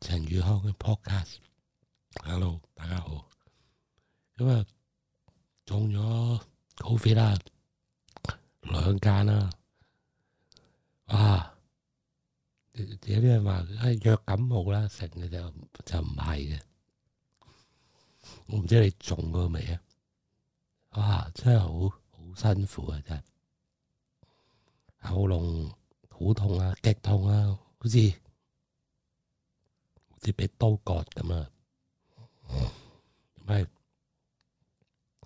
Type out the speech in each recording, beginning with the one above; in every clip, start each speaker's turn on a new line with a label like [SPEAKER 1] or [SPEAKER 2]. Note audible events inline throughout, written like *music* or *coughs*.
[SPEAKER 1] 陳宇康嘅 podcast，Hello，大家好，咁啊中咗 COVID 啦，兩間啦，哇！有啲人話係約感冒啦，成嘅就就唔係嘅，我唔知你中過未啊？哇，真係好好辛苦啊，真係，喉嚨好痛啊，激痛啊，好似～接俾刀割咁啊，唔係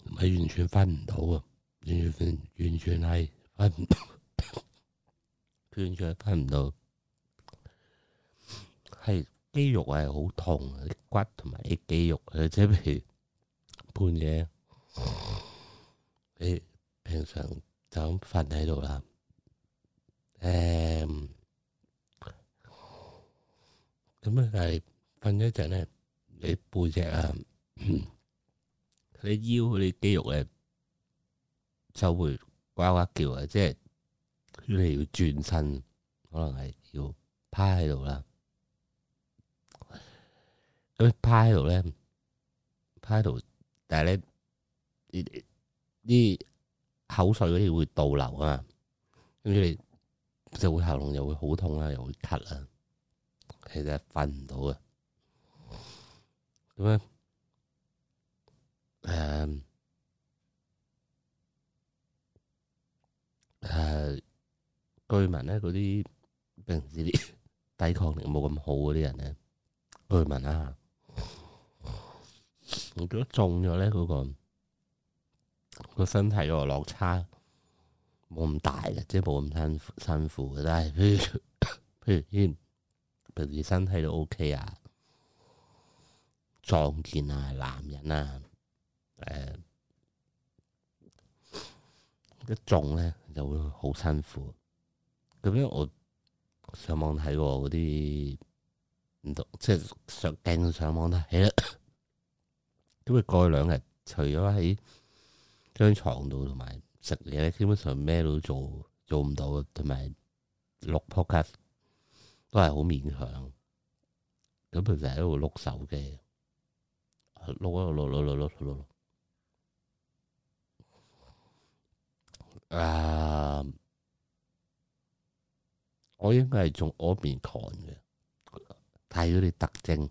[SPEAKER 1] 唔係完全瞓唔到啊，完全完全係完全瞓唔到，係肌肉係好痛啊，骨同埋啲肌肉啊，即係譬如半夜你平常就咁瞓喺度啦，誒。咁咧，但係瞓咗一陣咧，你背脊啊，你腰嗰啲肌肉咧就會呱呱叫啊，即係你要轉身，可能係要趴喺度啦。咁趴喺度咧，趴喺度，但係咧啲啲口水嗰啲會倒流啊，跟住你就會喉嚨又會好痛啊，又會咳啊。其實瞓唔到嘅，咁樣，誒誒，據聞咧嗰啲，平時啲抵抗力冇咁好嗰啲人咧，據聞啊，如果中咗咧嗰個個身體個落差冇咁大嘅，即係冇咁辛辛苦嘅，但係譬如譬如。平時身體都 OK 啊，壯健啊男人啊，誒、呃，一撞咧就會好辛苦啊。咁樣我上網睇嗰啲唔同，即係上鏡上網睇，咁佢 *coughs* 過兩日，除咗喺張床度同埋食嘢咧，基本上咩都做做唔到，同埋錄 Podcast。都係好勉強，咁佢成日喺度碌手機，碌碌碌碌碌，我應該係從嗰邊看嘅，睇佢啲特徵，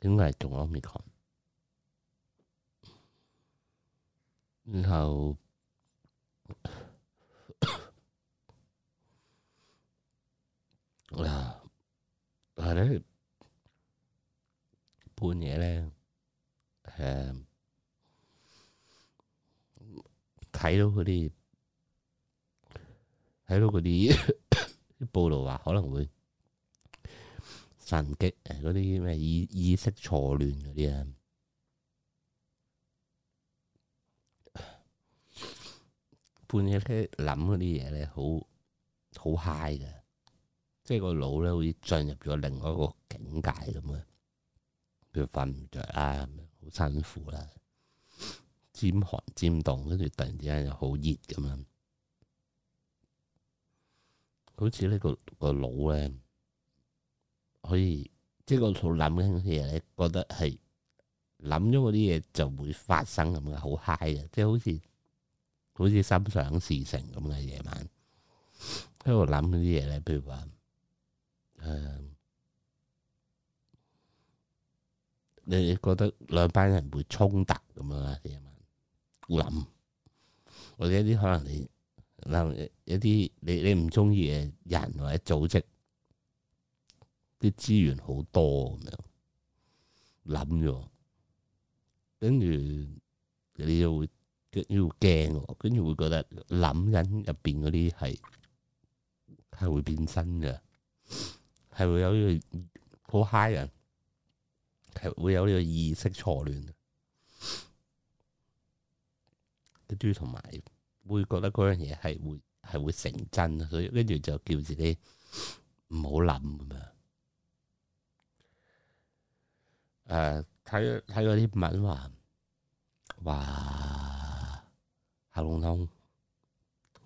[SPEAKER 1] 應該係從嗰邊看？然後咳咳、啊啊！呢半夜咧，誒、嗯、睇到嗰啲睇到嗰啲報道，話可能會神經，誒、嗰啲咩意意識錯亂嗰啲啊，半夜咧諗嗰啲嘢咧，好好嗨㗎。即係個腦咧，好似進入咗另外一個境界咁嘅。佢瞓唔着啊，好辛苦啦，尖寒尖凍，跟住突然之間又好熱咁樣，好似呢個個腦咧可以 *noise* 即係個腦諗緊嘅嘢咧，覺得係諗咗嗰啲嘢就會發生咁嘅，好 high 嘅，即係好似好似心想事成咁嘅夜晚喺度諗嗰啲嘢咧，譬如話。誒、嗯，你覺得兩班人會衝突咁樣啊？諗或者一啲可能你諗一啲你你唔中意嘅人或者組織啲資源好多咁樣諗咗，跟住你就會要驚，跟住會，會覺得諗緊入邊嗰啲係係會變真嘅。係會有呢、這個好 high 啊，係會有呢個意識錯亂，跟住同埋會覺得嗰樣嘢係會係會成真，所以跟住就叫自己唔好諗咁嘛。誒、呃，睇睇啲文話，哇，喉嚨痛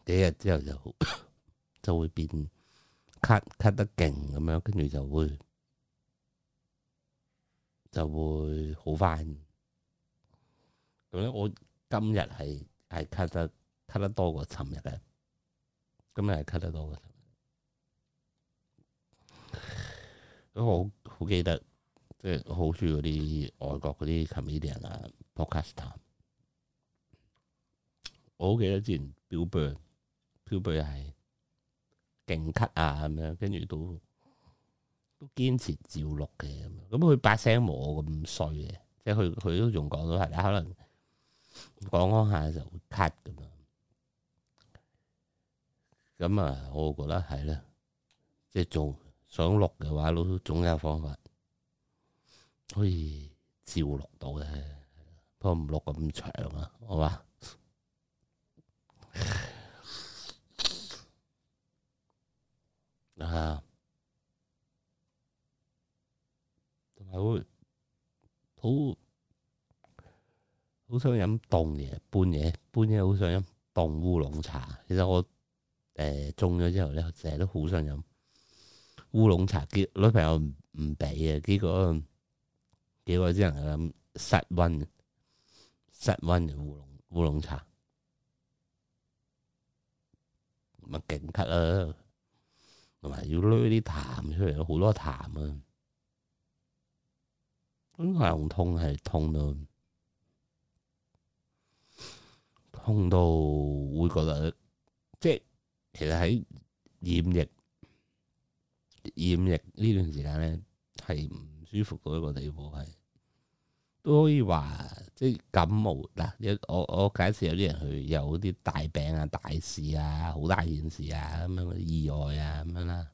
[SPEAKER 1] 幾日之後就就會變。cut cut 得勁咁樣，跟住就會就會好翻。咁樣我今日係係 cut 得 cut 得多過尋日嘅。今日係 cut 得多過尋日嘅。咁我好記得，即係好中意啲外國嗰啲 media 啊，podcast r。我好記得之前 Bill Burr，Bill Burr 係。勁咳啊咁樣，跟住都都堅持照錄嘅咁樣。咁佢把聲冇我咁衰嘅，即係佢佢都仲講到，佢可能講開下就會咳咁啊。咁啊，我覺得係啦，即係做想錄嘅話，都總有方法可以照錄到嘅。不過唔錄咁長啊，好嘛。啊，同埋會好好想飲凍嘢，半夜，半夜好想飲凍烏龍茶。其實我誒中咗之後咧，成日都好想飲烏龍茶。結女朋友唔唔畀啊，結果結果只能係飲室溫室溫嘅烏龍烏龍茶，咪勁咳啊～同埋要攞啲痰出嚟咯，好多痰啊！咁喉嚨痛係痛到痛到會覺得，即係其實喺染疫染疫呢段時間咧係唔舒服到一個地步，係都可以話。即係感冒嗱，有我，我解釋有啲人去有啲大病啊、大事啊、好大件事啊咁樣，意外啊咁樣啦。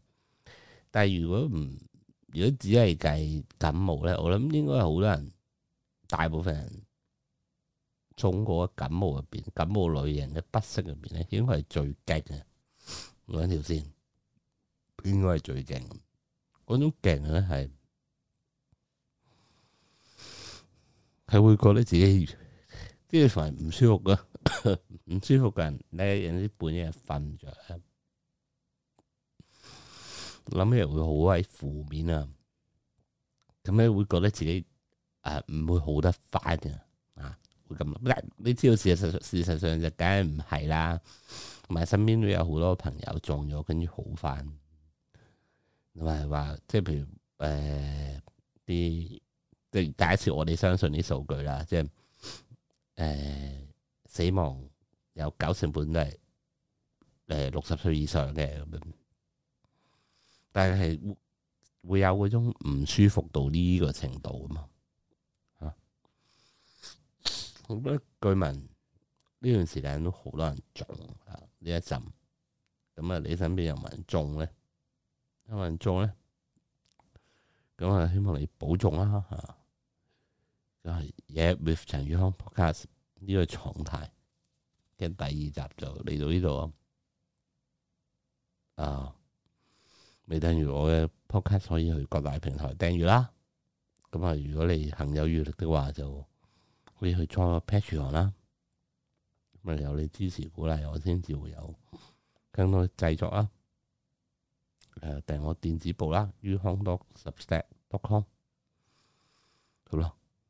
[SPEAKER 1] 但係如果唔，如果只係計感冒咧，我諗應該係好多人，大部分人中過感冒入邊感冒類型嘅不適入邊咧，應該係最勁嘅。兩條線應該係最勁。嗰種勁咧係～佢會覺得自己啲嘢係唔舒服嘅，唔 *laughs* 舒服嘅人咧，你有啲半夜瞓唔着，諗起會好鬼負面啊。咁咧會覺得自己誒唔、呃、會好得快嘅啊，會咁。但你知道事實事實上就梗係唔係啦，同埋身邊都有好多朋友撞咗跟住好翻，同埋話即係譬如誒啲。呃第第一次我哋相信啲數據啦，即係誒死亡有九成半都係誒六十歲以上嘅咁樣，但係會會有嗰種唔舒服到呢個程度啊嘛吓。好多據聞呢段時間都好多人中啊呢一陣，咁啊你身邊有冇人中咧？有冇人中咧？咁啊希望你保重啦吓。就係嘢 with 陳宇康 podcast 呢個常態，咁第二集就嚟到呢度啊。未訂閱我嘅 podcast，可以去各大平台訂閱啦。咁啊，如果你行有餘力的話，就可以去創個 patreon 啦。咁啊，由你支持鼓勵我，先至會有更多製作啦。誒，訂我電子報啦，u 康多 substack.com，好啦。